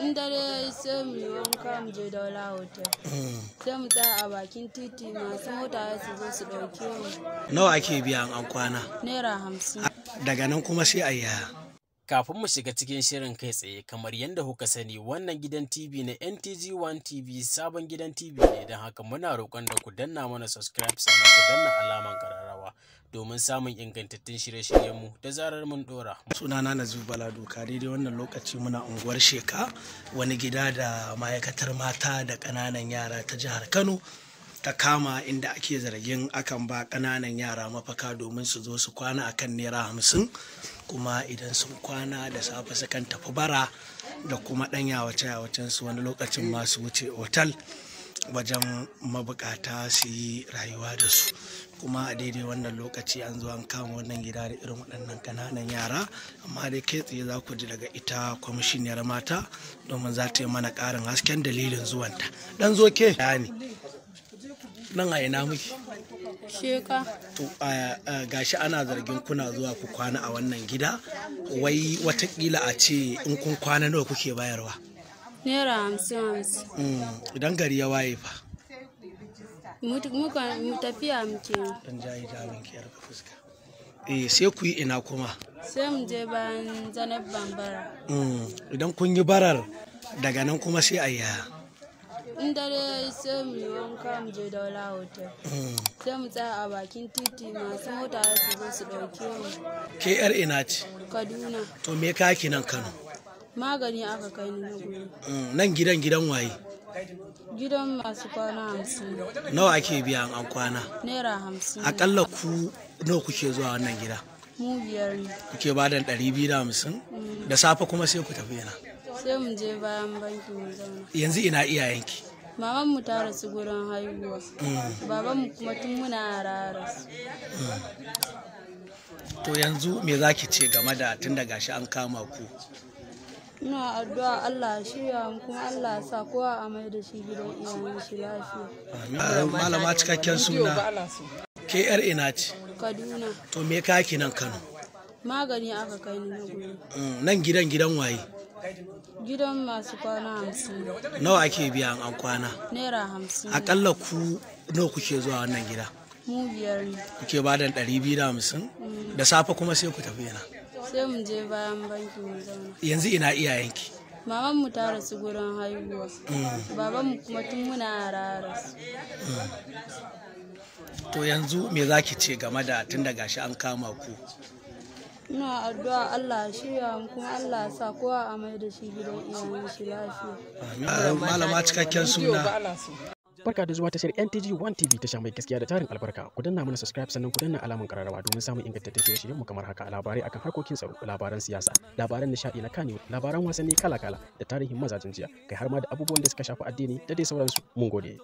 in dare ya yi sai mu yi wanka mu je daula hotel sai mu tsaya a bakin titi masu mota su zo su ɗauki mu nawa ake biya an kwana naira hamsin daga nan kuma sai a yaya kafin mu shiga cikin shirin kai tsaye kamar yadda kuka sani wannan gidan tv na ntg 1 tv sabon gidan tv ne don haka muna roƙon da ku danna mana subscribe sannan ku danna alaman karara sanarwa domin samun ingantattun shirye-shiryenmu da zarar mun dora. Sunana na Zubala Doka daidai wannan lokaci muna unguwar Sheka wani gida da ma'aikatar mata da kananan yara ta jihar Kano ta kama inda ake zargin akan ba kananan yara mafaka domin su zo su kwana akan naira hamsin kuma idan sun kwana da safe sukan tafi bara da kuma ɗan yawace su wani lokacin masu wuce otal. wajen mabukata su yi rayuwa da su kuma a daidai wannan lokaci an zo an kama wannan gida da irin waɗannan kananan yara amma dai kai tsaye za ku ji daga ita kwamishiniyar mata domin za ta yi mana ƙarin hasken dalilin zuwanta dan zo ke ne nan a ina muke sheka to gashi ana zargin kuna zuwa ku kwana a wannan gida wai watakila a ce in kun kwana nawa kuke bayarwa naira hamsin hamsin mm, idan gari ya waye fa mu tafiya muke dan jayi jamin ki yarka fuska eh sai ku yi ina kuma sai mu je bayan ban bambara mm, idan kun yi barar daga nan kuma sai a yi in dare sai mu yi wanka mu je daula hotel mm. sai mu tsaya a bakin titi masu mota su zo su ɗauki mu ke yar ina ce kaduna to me kaki nan kano magani aka kai ni na gobe mm, nan gidan gidan waye gidan masu kwana hamsin nawa ake biya an kwana naira hamsin akalla ku nawa kuke zuwa wannan gida mu biyar ne kuke ba da ɗari biyu da hamsin mm. da safe kuma sai ku tafi yana sai mu je bayan banki mu zauna yanzu ina iyayenki maman mu ta rasu gurin haihuwa mm. baban mu kuma tun muna raras to yanzu me zaki ce game da tun da gashi an kama ku ina addu'a Allah ya shirya kuma Allah sa kowa a mai da shi gidan iyayen shi lafiya amin malama cikakken suna ke yar ina ce Kaduna to me ka ki nan Kano magani aka kai ni na gobe mm, nan gidan gidan waye gidan masu kwana hamsin nawa ake biya an kwana naira hamsin akalla ku nawa kuke zuwa wannan gida mu biyar ne kuke ba da ɗari biyu da hamsin mm. da safe kuma sai ku tafi yana sai mu je bayan banki mu zauna yanzu ina iyayenki maman mu ta rasu gurin haihuwa mm. baban mu kuma tun muna rasu mm. to yanzu me zaki ce game da tun daga shi an kama ku ina addu'a Allah shi mu kuma Allah sa kowa a mai da shi gidan iyayen shi lafiya malama cikakken suna Barka da zuwa tashar NTG One TV ta mai gaskiya da tarin albarka. Ku danna mana subscribe sannan ku danna alamun kararrawa domin samun ingantaccen shirye mu kamar haka labarai akan harkokin tsaro, labaran siyasa, labaran nishadi na kanewa, labaran wasanni kala-kala da tarihin mazajen jiya, kai har ma da abubuwan da suka shafi addini da dai sauransu. Mun gode.